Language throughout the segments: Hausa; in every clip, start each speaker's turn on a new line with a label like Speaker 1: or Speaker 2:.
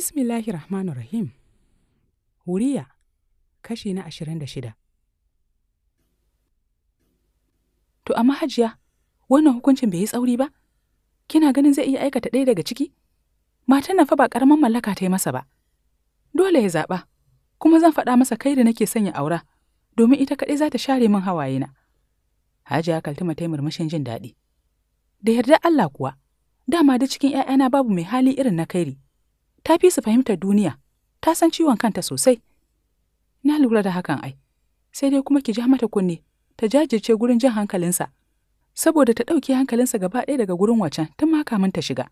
Speaker 1: Bismillahir rahmanu Rahim. Wuriya kashi na ashirin da shida. To amma hajiya, wannan hukuncin bai yi tsauri ba? Kina ganin zai iya aikata ɗaya daga ciki? Matan nan fa ba ƙaramin mallaka ta yi masa ba. Dole ya zaɓa, kuma zan faɗa masa kai da nake sanya aura, domin ita kaɗai za ta share min hawayena. Hajiya Kaltuma ta yi murmushin jin daɗi. Da yarda Allah kuwa, dama da cikin ‘ya'yana babu mai hali irin na kairi. ta fi su fahimtar duniya ta san ciwon kanta sosai na lura da hakan ai sai dai kuma ki ja mata kunne ta jajirce gurin jan hankalinsa saboda ta ɗauki hankalinsa gaba ɗaya daga gurin wacan tun ma kamin ta shiga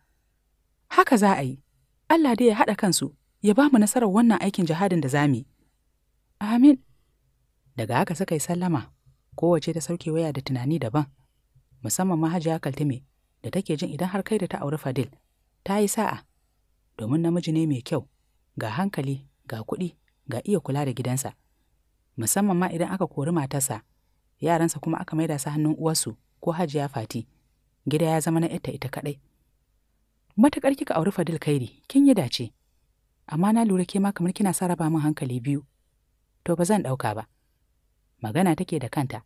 Speaker 1: haka za a yi Allah dai ya haɗa kansu ya ba mu nasarar wannan aikin jihadin da za mu yi amin daga haka suka yi sallama kowace ta sauke waya da tunani daban musamman mahajiya kaltume da take jin idan har kai da ta auri fadil ta yi sa'a domin namiji ne mai kyau, ga hankali, ga kuɗi, ga iya kula da gidansa. Musamman ma idan aka kori matarsa, yaransa kuma aka maida su hannun uwarsu ko hajiya fati, gida ya zama na ita ita kaɗai. Matuƙar kika auri Fadil Kairi, kin yi dace. Amma na lura ke ma kamar kina sa rabamin min hankali biyu. To ba zan ɗauka ba. Magana take da kanta.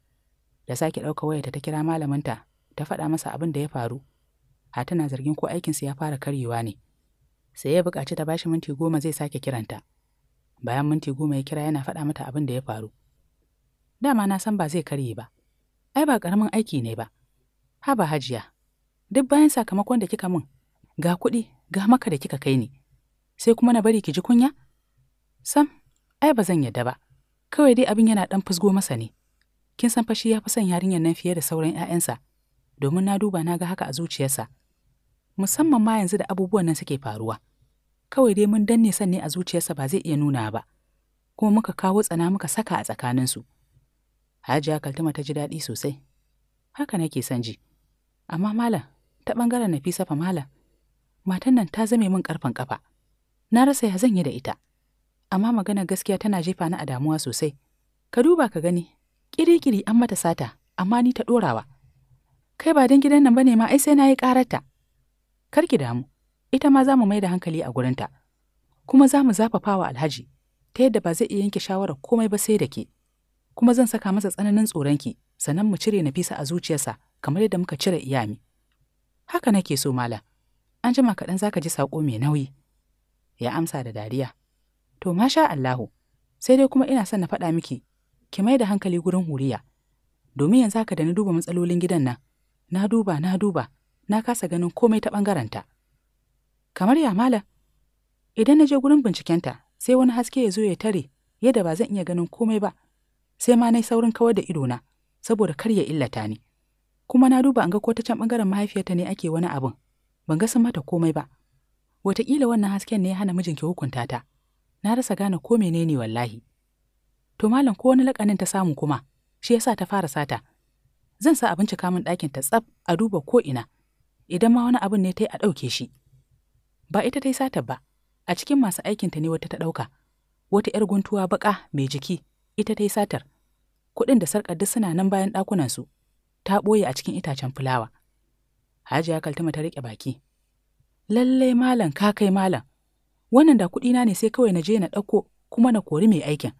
Speaker 1: Da sake ɗauka wayarta ta kira malaminta, ta faɗa masa abin da ya faru. Hatana zargin ko aikinsa ya fara karyewa ne. sai ya buƙaci ta bashi minti goma zai sake kiranta bayan minti goma ya kira yana faɗa mata abin da ya faru dama na san ba zai karye ba ai ba ƙaramin aiki ne ba haba hajiya duk bayan sakamakon da kika min ga kuɗi ga maka da kika kai ni sai kuma na bari ki ji kunya sam ai ba zan yadda ba kawai dai abin yana ɗan fusgo masa ne kin san fashi ya fi son yarinyar nan fiye da sauran 'ya'yansa domin na duba na ga haka a zuciyarsa musamman ma yanzu da abubuwan nan suke faruwa kawai dai mun danne sanne a zuciyarsa ba zai iya nuna ba kuma muka kawo tsana muka saka a tsakaninsu hajiya kaltuma ta ji daɗi sosai haka nake son ji amma malam ta ɓangaren nafisa fa malam matan nan ta zame min ƙarfin ƙafa na rasa ya zan yi da ita amma magana gaskiya tana jefa ni a damuwa sosai ka duba ka gani kirikiri an mata sata amma ni ta dorawa. kai ba don gidan nan ba ne ma ai sai na yi ƙararta kar ki damu ita ma za mu mai da hankali a gurinta kuma za mu zafafa wa alhaji ta yadda ba zai iya yanke shawarar komai ba sai da ke kuma zan saka masa tsananin tsoronki sannan mu cire nafisa a zuciyarsa kamar yadda muka cire iyami haka nake so malam an jima kaɗan za ka ji saƙo mai nauyi ya amsa da dariya to masha Allahu sai dai kuma ina son na faɗa miki ki mai da hankali gurin huriya domin yanzu haka da na duba matsalolin gidan nan na duba na duba na kasa ganin komai ta ɓangaranta. Kamar ya mala. Idan na je gurin bincikenta, sai wani haske ya zo ya tare yadda ba zan iya ganin komai ba. Sai ma na yi saurin kawar da idona, saboda kar ya illata ni. Kuma na duba an ga ko ta can bangaren mahaifiyarta ne ake wani abin. Ban ga sun mata komai ba. Wataƙila wannan hasken ne ya hana mijinki hukunta ta. Na rasa gane ko mene ne wallahi. To malam ko wani lakanin ta samu kuma, shi yasa ta fara sata. Zan sa abinci kamun ɗakin ta tsaf a duba ko ina. Idan ma wani abun ne ta yi a ɗauke shi. Ba ita ta yi sata ba, a cikin masu aikinta ne wata ta ɗauka. Wata 'yar guntuwa baƙa mai jiki, ita ta yi satar. Kuɗin da sarƙar duk suna nan bayan ɗakunansu, ta ɓoye a cikin itacen fulawa. Hajiya Kaltuma ta riƙe baki. Lallai malam ka kai malam, wannan da kuɗina ne sai kawai na je na ɗauko kuma na kori mai aikin.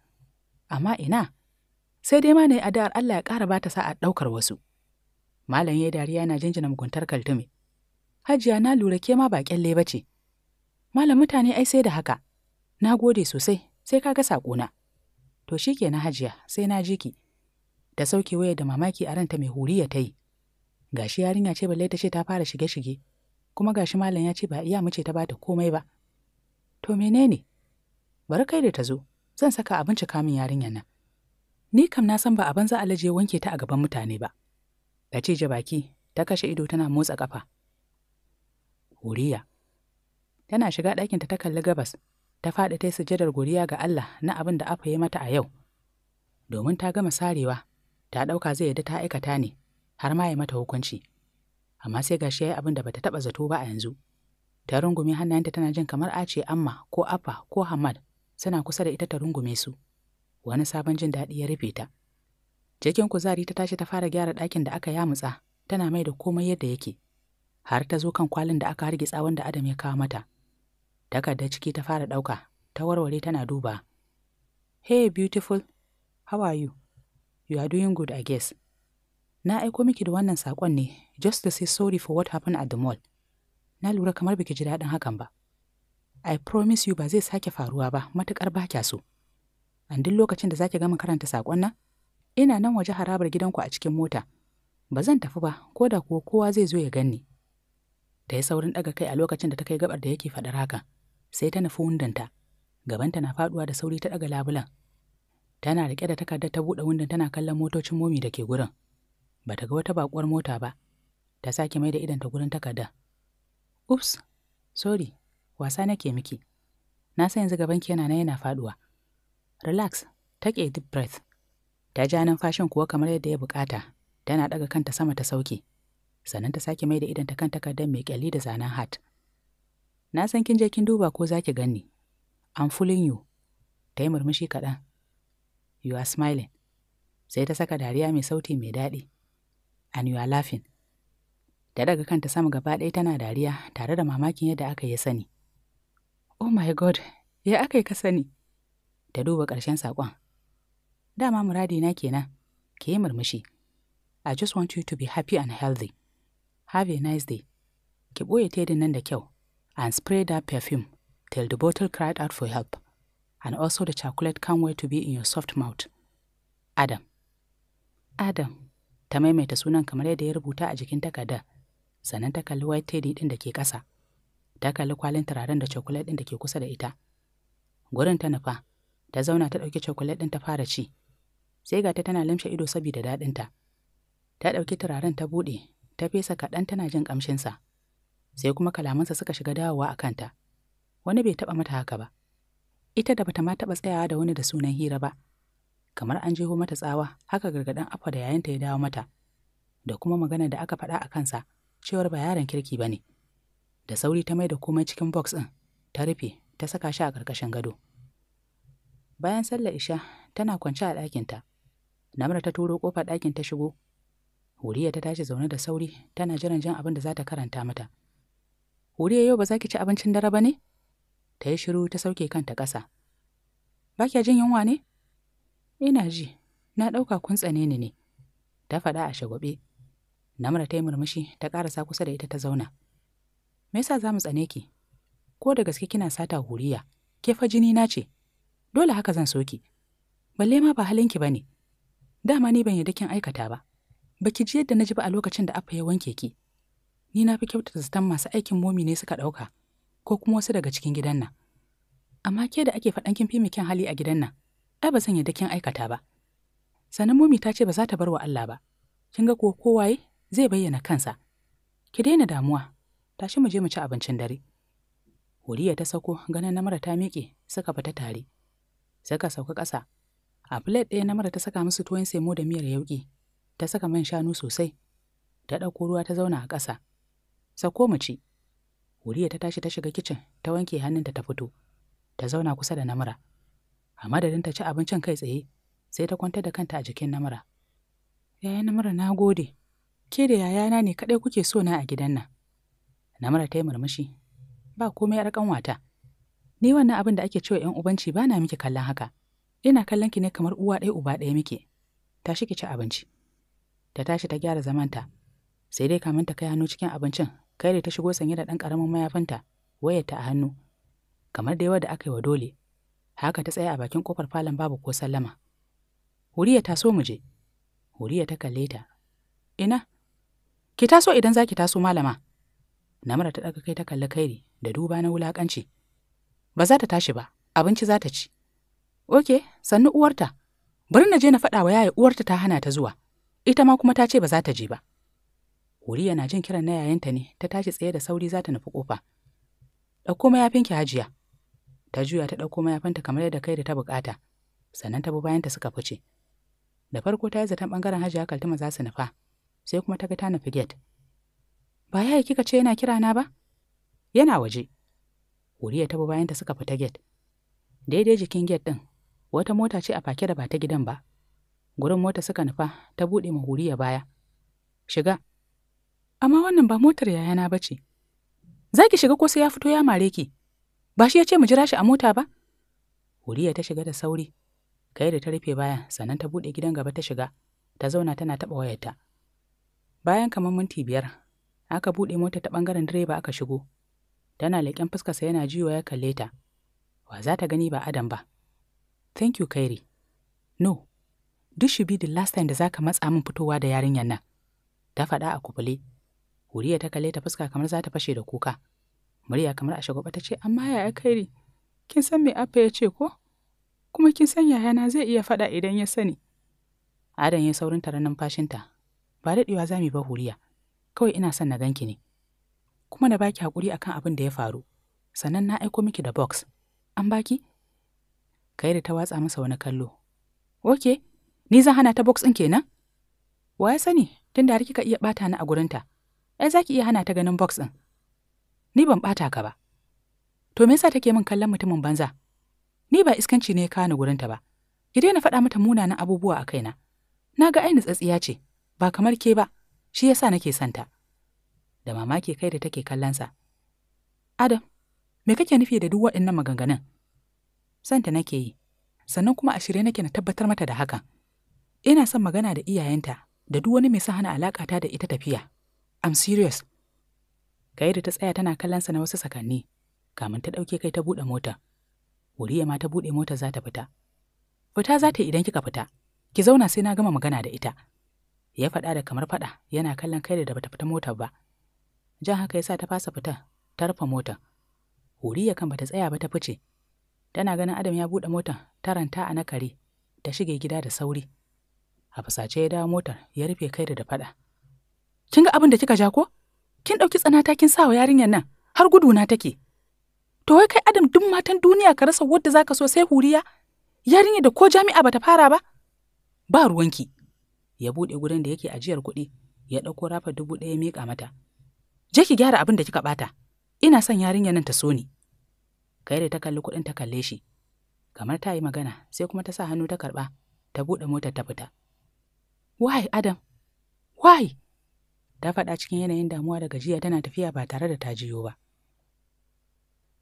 Speaker 1: Amma ina, sai dai ma na yi addu'ar Allah ya ƙara ba ta sa'a ɗaukar wasu. Malam ya dariya na jinjina muguntar kaltume. Hajiya na lura ke ma ba ƙyalle ba ce, Malam mutane ai sai da haka. Na gode sosai, sai ka ga na. To shi ke na hajiya, sai na ji ki. Da sauke waya da mamaki a ranta mai huriya ta yi. Ga shi yarinya ce balle ta ce ta fara shige-shige, kuma gashi malam ya ce ba iya mace ta bata komai ba. To menene? Bari kai da ta zo, zan saka abinci kamin yarinyar nan. Ni kam na san ba a banza alaje wanke ta a gaban mutane ba. Da ce baki, ta kashe ido tana motsa kafa. Huriya, Tana shiga ɗakinta ta kalli gabas, ta faɗi ta yi sujadar godiya ga Allah na abin da aka ya mata a yau. Domin ta gama sarewa, ta ɗauka zai yadda ta aikata ne, har ma ya mata hukunci. Amma sai gashi ya yi abin da bata taɓa zato ba a yanzu. Ta rungume hannayenta tana jin kamar Ace Amma ko Afa ko Hamad suna kusa da ita ta rungume su. Wani sabon jin daɗi ya rufe ta. Cikin kuzari ta tashi ta fara gyara ɗakin da aka yamutsa, tana mai da komai yadda yake. Har ta zo kan kwalin da aka hargitsa wanda Adam ya kawo mata. takardar ciki ta fara ɗauka ta warware tana duba hey beautiful how are you you are doing good i guess na aiko miki da wannan saƙon ne just to say sorry for what happened at the mall na lura kamar biki ji daɗin hakan ba i promise you ba zai sake faruwa ba matuƙar ba kya so an duk lokacin da zaki gama karanta saƙon nan ina nan waje harabar gidanku a cikin mota ba zan tafi ba ko da kuwa kowa zai zo ya ganni da ya saurin ɗaga kai a lokacin da ta kai gabar da yake faɗar haka sai ta nufi wundanta gabanta na faduwa da sauri ta daga labulan tana rike da takardar ta buɗe wundan tana kallon motocin momi da ke gurin ba ta ga wata bakuwar mota ba ta sake mai da ta gurin takardar ups sorry wasa nake miki na san yanzu gabanki yana na yana faduwa relax take deep breath ta ja numfashin kuwa kamar yadda ya bukata tana daga kanta sama ta sauke sannan ta sake mai da ta kan takardar mai kyalli da zanen hat Na san kin je kin duba ko za ki gani. I'm fooling you. Ta yi murmushi kaɗan. You are smiling. Sai ta saka dariya mai sauti mai daɗi. And you are laughing. Da daga kanta sama gaba ɗaya tana dariya tare da mamakin yadda aka yi sani. Oh my God, ya aka yi ka sani? Ta duba ƙarshen saƙon. Dama muradina kenan, ke yi murmushi. I just want you to be happy and healthy. Have a nice day. Ki ɓoye tedin nan da kyau, and sprayed that perfume till the bottle cried out for help, and also the chocolate can't wait to be in your soft mouth. Adam. Adam, ta maimaita sunan kamar yadda ya rubuta a jikin takarda, sannan ta kalli white teddy ɗin da ke ƙasa, ta kalli kwalin turaren da chocolate ɗin da ke kusa da ita. Gurin ta nufa, ta zauna ta ɗauki chocolate ɗin ta fara ci, sai ga ta tana lamshe ido saboda daɗinta. ta. ta ɗauki turaren ta buɗe ta fesa kaɗan tana jin ƙamshinsa sai kuma kalamansa suka shiga dawowa a kanta. Wani bai taɓa mata haka ba. Ita da bata ma taɓa tsayawa da wani da sunan hira ba. Kamar an jeho mata tsawa, haka gargaɗin afa da yayinta ya dawo mata. Da kuma maganar da aka faɗa a kansa, cewar ba yaron kirki ba ne. Da sauri ta mai da komai cikin box ɗin, ta rufe, ta saka shi a ƙarƙashin gado. Bayan sallar isha, tana kwance a ɗakinta. Namra ta turo ƙofar ɗakin ta shigo. Huriya ta tashi zaune da sauri, tana jiran jan abin da za ta karanta mata. Huriya yau ba za ki ci abincin dare ba ne? Ta yi shiru ta sauke kanta ƙasa. Ba kya jin yunwa ne? Ina ji, na ɗauka kun tsane ni ne. Ta faɗa a shagwaɓe. Namra ta yi murmushi ta ƙarasa kusa da ita ta zauna. Me yasa za mu tsane ki? Ko da gaske kina sata huriya, ke fa jini na ce. Dole haka zan so ki. Balle ma ba halinki ba ne. Dama ni ban yi kin aikata ba. Baki ji yadda na ji ba a lokacin da Affa ya wanke ki. ni na fi kyautata zaton masu aikin momi ne suka ɗauka, ko kuma wasu daga cikin gidan nan. Amma ke da ake faɗan kin fi mu kyan hali a gidan nan, ai ba zan yadda kin aikata ba. Sannan momi ta ce ba za ta bar wa Allah ba, kin ga kuwa kowaye zai bayyana kansa. Ki daina damuwa, tashi mu je mu ci abincin dare. Huriya ta sauko ganin namara ta miƙe suka fita tare. Suka sauka ƙasa. A filet ɗaya namara ta saka musu tuwon semo da miyar yauƙi. Ta saka man shanu sosai. Ta ɗauko ruwa ta zauna a ƙasa. Sauko mu ci. Huriya ta tashi ta shiga kicin, ta wanke hannunta ta fito. Ta zauna kusa da namura. A madadin ta ci abincin kai tsaye, sai ta kwantar da kanta a jikin namura. Yaya namura na gode. Ke da yayana ne kaɗai kuke so na a gidan nan. Namura ta yi murmushi. Ba komai yar ƙanwata. Ni wannan abin da ake cewa 'yan ubanci ba na miki kallon haka. Ina kallon ki ne kamar uwa ɗaya uba ɗaya muke. Tashi ki ci abinci. Ta tashi ta gyara zamanta. sai dai kamin ta kai hannu cikin abincin Kairi ta shigo sanye da ɗan ƙaramin mayafinta, wayarta a hannu. Kamar da yawa da aka yi wa dole, haka ta tsaya a bakin ƙofar falon babu ko sallama. Huriya ta so mu je. Huriya ta kalle ta. Ina? Ki taso idan za ki taso malama. Namara ta ɗaga kai ta kalli kairi da duba na wulaƙanci. Ba za ta tashi ba, abinci za ta ci. Oke, sannu uwarta. Bari na je na faɗa wa yaya uwarta ta hana ta zuwa. Ita ma kuma ta ce ba za ta je ba. Huriya na jin kiran na yayanta ne, ta tashi tsaye da sauri za ta nufi kofa. Ɗauko mayafinki hajiya. Ta juya ta ɗauko mayafinta kamar yadda kai da ta buƙata, sannan ta bi bayanta suka fice. Da farko ta yi zaton ɓangaren hajiya Kaltuma za su nufa, sai kuma ta ga ta nufi get. Ba yi kika ce yana kira na ba? Yana waje. Huriya ta bi bayanta suka fita get. Daidai jikin get ɗin, wata mota ce a fake da ba ta gidan ba. Gurin mota suka nufa, ta buɗe ma Huriya baya. Shiga, Amma wannan ba motar yayana ba ce. Za ki shiga ko sai ya fito ya mare ki. Ba shi ya ce mu jira shi a mota ba? Huriya ta shiga da sauri. Kai da ta rufe baya sannan ta buɗe gidan gaba ta shiga. Ta zauna tana taɓa wayarta. Bayan kamar minti biyar, aka buɗe mota ta ɓangaren direba aka shigo. Tana leƙen fuskarsa yana jiwa ya kalle ta. Wa za ta gani ba Adam ba. Thank you, Kairi. No, this should be the last time da za ka matsa min fitowa da yarinyar nan. Ta faɗa a kubule. Huriya ta kalle ta fuska kamar za ta fashe da kuka. Murya kamar a shagwaba ta ce, amma yaya kairi, kin san me Abba ya ce ko? Kuma kin san yayana zai iya faɗa idan ya sani. Adam ya saurin fashinta. numfashinta. Ba daɗewa za mu ba Huriya. Kawai ina son na ganki ne. Kuma na baki hakuri akan abin da ya faru. Sannan na aiko miki da box. An baki? Kairi ta watsa masa wani kallo. Oke, ni zan hana ta box ɗin kenan? Wa ya sani, tun har kika iya bata ni a gurinta. ai za ki iya hana ta ganin box ɗin. Ni ban bata ka ba. To me yasa take min kallon mutumin banza? Ni ba iskanci ne ka ni gurinta ba. Ki daina faɗa mata munanan abubuwa a kaina. Na ga aini tsatsiya ce, ba kamar ke ba, shi yasa nake santa. Da mamaki kai da take kallonsa. Adam, me kake nufi da duk waɗannan maganganun? Santa nake yi, sannan kuma a shirye nake na tabbatar mata da hakan. Ina son magana da iyayenta da duk wani mai sa hana alaƙata da ita tafiya. I'm serious. Kai da ta tsaya tana kallon sa na wasu sakanni, kamin ta ɗauke kai ta buɗe mota. Wuriya ma ta buɗe mota za ta fita. Fita za ta yi idan kika fita, ki zauna sai na gama magana da ita. Ya faɗa da kamar faɗa yana kallon kai da bata fita motar ba. Jan haka ya sa ta fasa fita, ta rufe motar. Huriya kan bata tsaya ba ta fice. Tana ganin Adam ya buɗe motar, ta ranta a na ta shige gida da sauri. A fasace ya dawo motar, ya rufe kai da faɗa. kin ga abin da kika ja ko kin ɗauki tsanata kin sa wa yarinyar nan har gudu na take to wai kai adam duk matan duniya ka rasa wadda ka so sai huriya yarinya da ko jami'a bata fara ba ba ruwanki ya buɗe gurin da yake ajiyar kuɗi ya ɗauko rafa dubu ɗaya miƙa mata je ki gyara abin da kika ɓata ina son yarinyar nan ta so ni kai da ta kalli kuɗin ta kalle shi kamar ta yi magana sai kuma ta sa hannu ta karɓa ta buɗe motar ta fita wai adam wai ta faɗa cikin yanayin damuwa da gajiya tana tafiya ba tare da ta jiyo ba.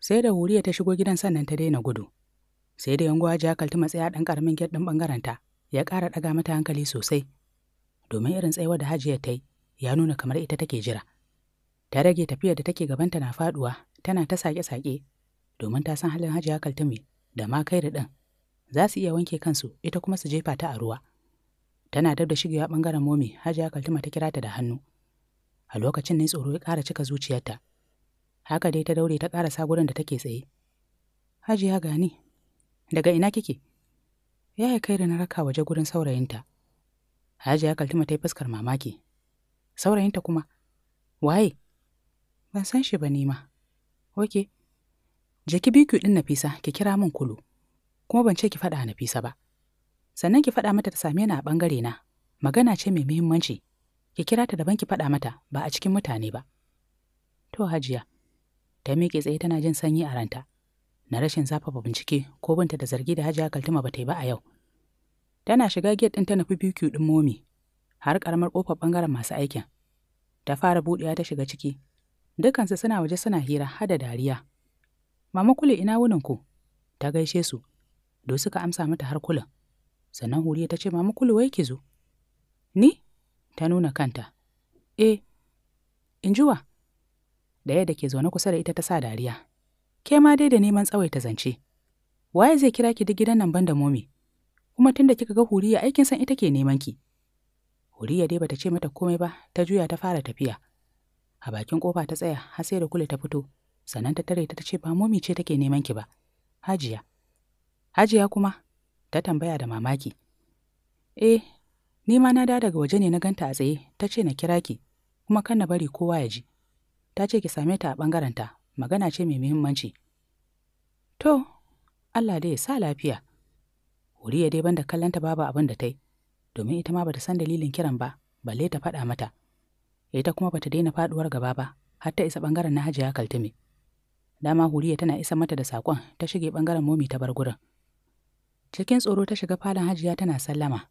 Speaker 1: Sai da Huriya ta shigo gidan sannan ta daina gudu. Sai da yanguwa jakal kaltuma tsaya ɗan ƙaramin get ɗin ɓangarenta ya ƙara ɗaga mata hankali sosai. Domin irin tsayuwar da Hajiya ta yi ya nuna kamar ita take jira. Ta rage tafiyar da take gabanta na faɗuwa tana ta sake-sake domin ta san halin Hajiya Kaltume da ma kai da ɗin. Za su iya wanke kansu ita kuma su jefa ta a ruwa. Tana dab da shigewa ɓangaren momi Hajiya Kaltuma ta kira ta da hannu. A lokacin ne tsoro ya ƙara cika zuciyarta. Haka dai ta daure ta ƙarasa gurin da take tsaye. Hajiya gani, daga ina kike? Ya yi kai da na raka waje gurin saurayinta. Hajiya Kaltuma ta yi fuskar mamaki. Saurayinta kuma, waye? Ban san shi ba nima. Oke, jeki biyu ɗin Nafisa, ki kira min kulu. Kuma ban ce ki faɗa Nafisa ba. Sannan ki faɗa mata ta same ni a ɓangare na. Magana ce mai muhimmanci. ki kira ta daban ki faɗa mata ba a cikin mutane ba. To hajiya, ta miƙe tsaye tana jin sanyi a ranta, na rashin zafafa bincike ko binta da zargi da hajiya kaltuma ba ta yi ba a yau. Tana shiga get ɗin ta nufi BQ ɗin momi, har ƙaramar ƙofar ɓangaren masu aikin. Ta fara buɗewa ta shiga ciki, dukansu suna waje suna hira har da dariya. Mama kule ina wunin ku? Ta gaishe su, do suka amsa mata har kulin. Sannan Huriya ta ce, Mama kule wai ki zo. Ni? ta nuna kanta e in jiwa ɗaya da ke zaune kusa da ita ta sa dariya ke ma dai da neman ta zance waye zai kira ki duk gidan nan banda momi kuma tun da kika ga huriya aikin san ita ke neman ki huriya dai bata ce mata komai ba ta juya ta fara tafiya a bakin kofa ta tsaya har sai da kule ta fito sannan ta tare ta ce ba momi ce take neman ki ba hajiya hajiya kuma ta tambaya da mamaki eh Ni ma na da daga waje ne na ganta a tsaye, ta ce na kira ki, kuma kan na bari kowa ya ji. Ta ce ki same ta a bangaren ta. magana ce mai muhimmanci. To, Allah dai ya sa lafiya. Huriya dai banda kallanta babu abin da ta yi, domin ita ma bata san dalilin kiran ba, balle ta faɗa mata. Ita kuma bata daina faɗuwar gaba ba, har ta isa ɓangaren na Hajiya Kaltume. Dama Huriya tana isa mata da saƙon ta shige bangaren momi ta bar gurin. Cikin tsoro ta shiga falon Hajiya tana sallama,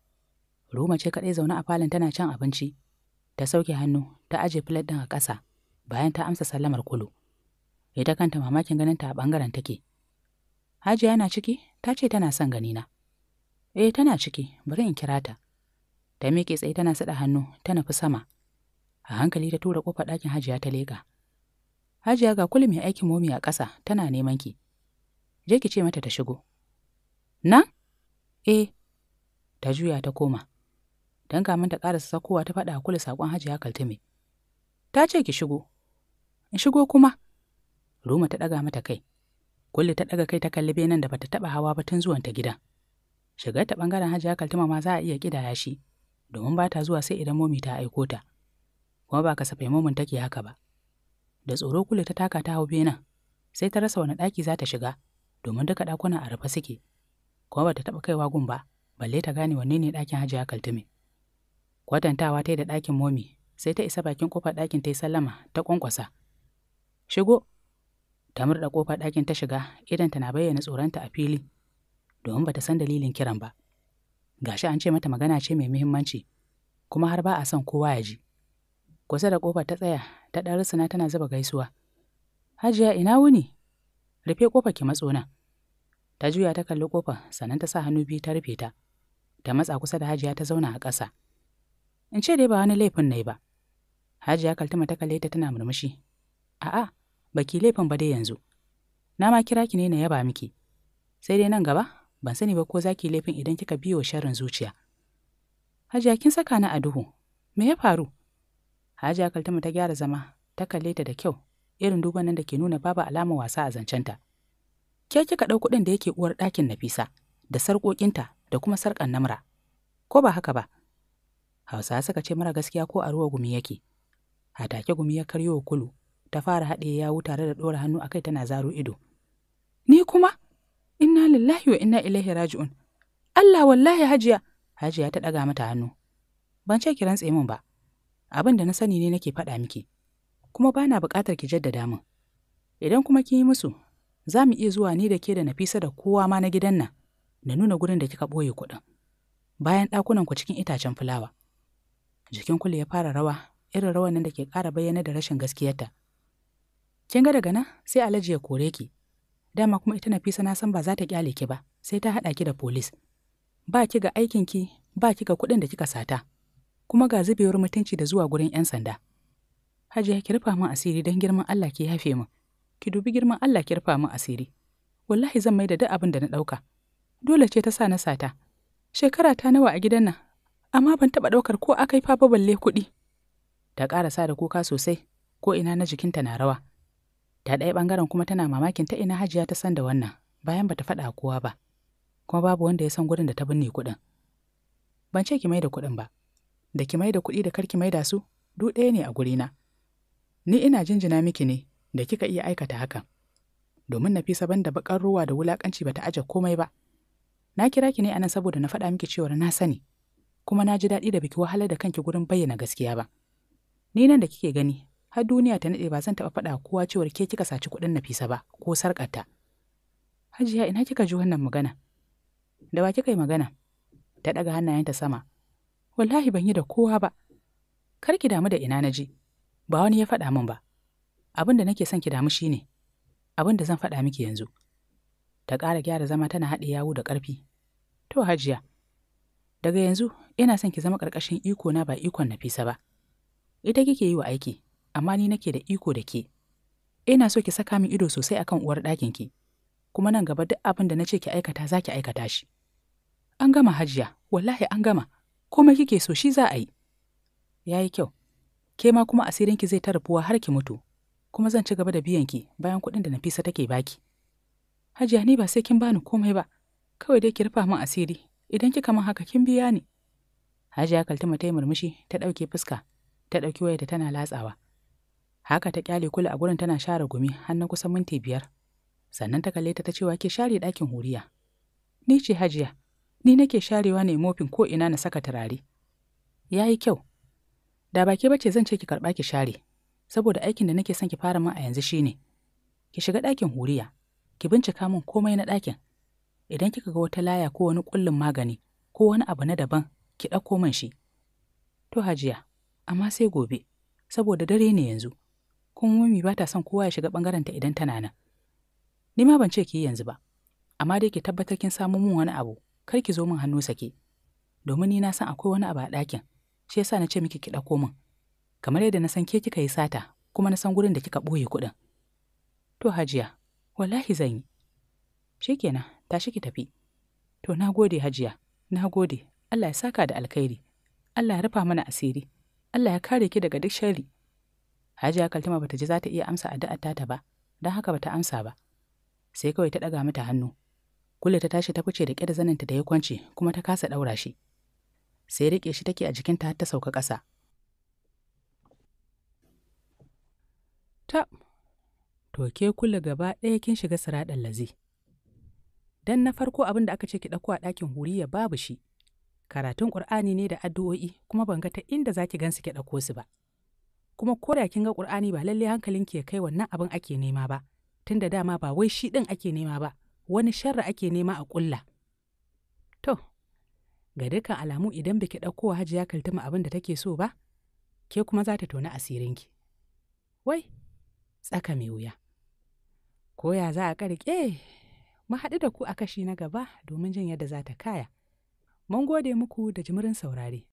Speaker 1: Ruma ce kaɗai zaune a falon tana cin abinci. Ta sauke hannu, ta aje filet ɗin a ƙasa, bayan ta amsa sallamar kulu. Ita kanta mamakin ganin ta a ɓangaren take. Hajiya na ciki, ta ce tana son ganina. Eh, tana ciki, bari in kira ta. Ta miƙe tsaye tana saɗa hannu, Tana fi sama. A hankali ta tura ƙofar ɗakin Hajiya ta leƙa. Hajiya ga kulmi aikin momi a ƙasa, tana neman ki. Je ki ce mata ta shigo. Na? Eh, ta juya ta koma. don kamin ta ƙarasa sakowa ta faɗa kula saƙon hajiya kaltume. Ta ce ki shigo. In shigo kuma? Ruma ta ɗaga mata kai. Kulli ta ɗaga kai ta kalli benen da bata taɓa hawa ba tun zuwan ta gida Shigar ta ɓangaren hajiya kaltuma ma za a iya ƙidaya shi, domin ba ta zuwa sai idan momi ta aiko ta. Kuma ba ka kasafai momin take haka ba. Da tsoro kulli ta taka ta hau benen, sai ta rasa wani ɗaki za ta shiga, domin duka ɗakuna a rufe suke. Kuma bata ta taɓa kaiwa gun ba, balle ta gane wanne ne ɗakin hajiya kaltume. Kwatantawa ta yi da ɗakin momi, sai ta isa bakin ƙofar ɗakin ta yi sallama ta ƙwanƙwasa. Shigo, ta murɗa ƙofar ɗakin ta shiga idan na bayyana tsoronta a fili, domin bata san dalilin kiran ba. Gashi an ce mata magana ce mai muhimmanci, kuma har ba a son kowa ya ji. Kusa da ƙofar ta tsaya, ta ɗan rusuna tana zuba gaisuwa. Hajiya ina wuni? Rufe ƙofar ki matsona. Ta juya ta kalli ƙofar sannan ta sa hannu biyu ta rufe ta. Ta matsa kusa da hajiya ta zauna a ƙasa. in ce dai ba wani laifin na yi ba hajiya kaltuma ta kalle ta tana murmushi a'a baki laifin ba dai yanzu na ma kira ki ne na yaba miki sai dai nan gaba ban sani ba ko za ki laifin idan kika biyo sharrin zuciya hajiya kin saka ni a duhu me ya faru hajiya kaltuma ta gyara zama ta kalle ta da kyau irin duban nan da ke nuna babu alamar wasa a zancenta ke kika ɗau kuɗin da yake uwar ɗakin nafisa da sarƙoƙinta da kuma sarƙan namra ko ba haka ba Hausawa suka ce mara gaskiya ko a ruwa gumi yake. Hatake gumi ya karyo kulu, ta fara haɗe yawu tare da ɗora hannu akai tana zaro ido. Ni kuma, inna lillahi wa inna ilaihi raji'un. Allah wallahi hajiya, hajiya ta ɗaga mata hannu. Ban ce ki rantse min ba, abin da na sani ne nake faɗa miki, kuma bana na buƙatar ki jaddada min. Idan kuma kin yi musu, za mu iya zuwa ni da ke da Nafisa da kowa ma na gidan nan, da nuna gurin da kika ɓoye kuɗin. Bayan ɗakunan ku cikin itacen fulawa. Jikin kule ya fara rawa, irin rawan nan da ke ƙara bayyana da rashin gaskiyarta. Kin ga daga nan sai alaji ya kore ki. Dama kuma ita Nafisa na san ba za ta kyale ki ba, sai ta haɗa ki da polis. Ba ki ga aikin ki, ba ki ga kuɗin da kika sata. Kuma ga zubewar mutunci da zuwa gurin 'yan sanda. Hajiya ki rufa min asiri don girman Allah ki yafe min. Ki dubi girman Allah ki rufa min asiri. Wallahi zan mai da duk abin da na ɗauka. Dole ce ta sa na sata. Shekara ta nawa a gidan nan amma ban taɓa ɗaukar ko akai fa balle kuɗi. Ta ƙara sa da kuka sosai, ko ina na jikinta na rawa. Ta ɗaya ɓangaren kuma tana mamakin ta ina hajiya ta san da wannan, bayan bata faɗa kowa ba. Kuma babu wanda ya san gurin da ta binne kuɗin. Ban ce ki mai da kuɗin ba, da ki mai da kuɗi da kar ki mai da su, duk ɗaya ne a gurina. Ni ina jinjina miki ne da kika iya aikata hakan. Domin Nafisa ban da baƙar ruwa da wulaƙanci bata aje komai ba. Na kira ki ne anan saboda na faɗa miki cewa na sani. kuma na ji daɗi da biki wahalar da kanki gurin bayyana gaskiya ba. Ni nan da kike gani, har duniya ta naɗe ba zan taɓa faɗa kowa cewar ke kika saci kuɗin Nafisa ba ko sarƙarta. Hajiya ina kika ji wannan magana? Da ba kika yi magana? Ta ɗaga hannayenta sama. Wallahi ban yi da kowa ba. Kar ki damu da ina na ji. Ba wani ya faɗa min ba. Abin da nake son ki damu shi ne abin da zan faɗa miki yanzu. Ta ƙara gyara zama tana haɗe yawo da ƙarfi. To Hajiya, daga yanzu ina son ki zama ƙarƙashin iko na ba ikon Nafisa ba. Ita kike yi wa aiki, amma ni nake da iko da ke. Ina so ki saka min ido sosai akan uwar ɗakin ki, kuma nan gaba duk abin da na ce ki aikata za ki aikata shi. An gama hajiya, wallahi an gama, komai kike so shi za a yi. yayi kyau, ke ma kuma asirin ki zai ta har ki mutu, kuma zan ci gaba da biyan ki bayan kuɗin da Nafisa take baki. Hajiya ni ba sai kin bani komai ba, kawai dai ki rufa min asiri idan kika min haka kin biya ni hajiya kaltuma ta murmushi ta ɗauke fuska ta ɗauki wayarta tana latsawa haka ta kyale kula a gurin tana share gumi har na kusan minti biyar sannan ta kalle ta ta cewa ke share ɗakin huriya ni ce hajiya ni nake sharewa ne mofin ko ina na saka turare ya yi kyau da baki bace zan ce ki karɓa ki share saboda aikin da nake son ki fara min a yanzu shine ki shiga ɗakin huriya ki bincika min komai na ɗakin idan kika ga wata laya ko wani kullun magani ko wani abu na daban ki ɗauko man shi to hajiya amma sai gobe saboda dare ne yanzu kuma mummy ba ta son kowa ya shiga bangarenta idan tana nan ni ma ban ce ki yanzu ba amma dai ki tabbatar kin samu mun wani abu kar ki zo min hannu sake domin ni na san akwai wani abu a ɗakin shi yasa na ce miki ki ɗauko min kamar yadda na san ke kika yi sata kuma na san gurin da kika ɓoye kuɗin to hajiya wallahi zan yi shikenan tashi ki tafi to na gode hajiya na gode Allah ya saka da alkhairi Allah ya rufa mana asiri Allah ya kare ki daga duk shari. hajiya kaltuma bata ji za ta iya amsa addu'a ta ba don haka bata amsa ba sai kawai ta ɗaga mata hannu kulle ta tashi ta fice da ƙyar zaninta da ya kwance kuma ta kasa ɗaura shi sai riƙe shi take a jikinta har ta sauka ƙasa ta to ke kulle gaba ɗaya kin shiga siraɗan lazi dan na farko abin da aka ce ki ɗauko a ɗakin huriya babu shi karatun ƙur'ani ne da addu'o'i kuma ban ga ta inda za ki gansu ki ɗauko su ba kuma ko da kin ga ƙur'ani ba lalle hankalinki ya kai wannan abin ake nema ba tunda dama ba wai shi ɗin ake nema ba wani sharri ake nema a ƙulla to ga dukkan alamu idan baki ɗauko wa hajiya kaltuma abin da take so ba ke kuma za ta tona asirinki wai tsaka mai wuya ko ya za a ƙarƙe Mu haɗu da ku a kashi na gaba domin jin yadda za ta kaya. Mun gode muku da jimirin saurare.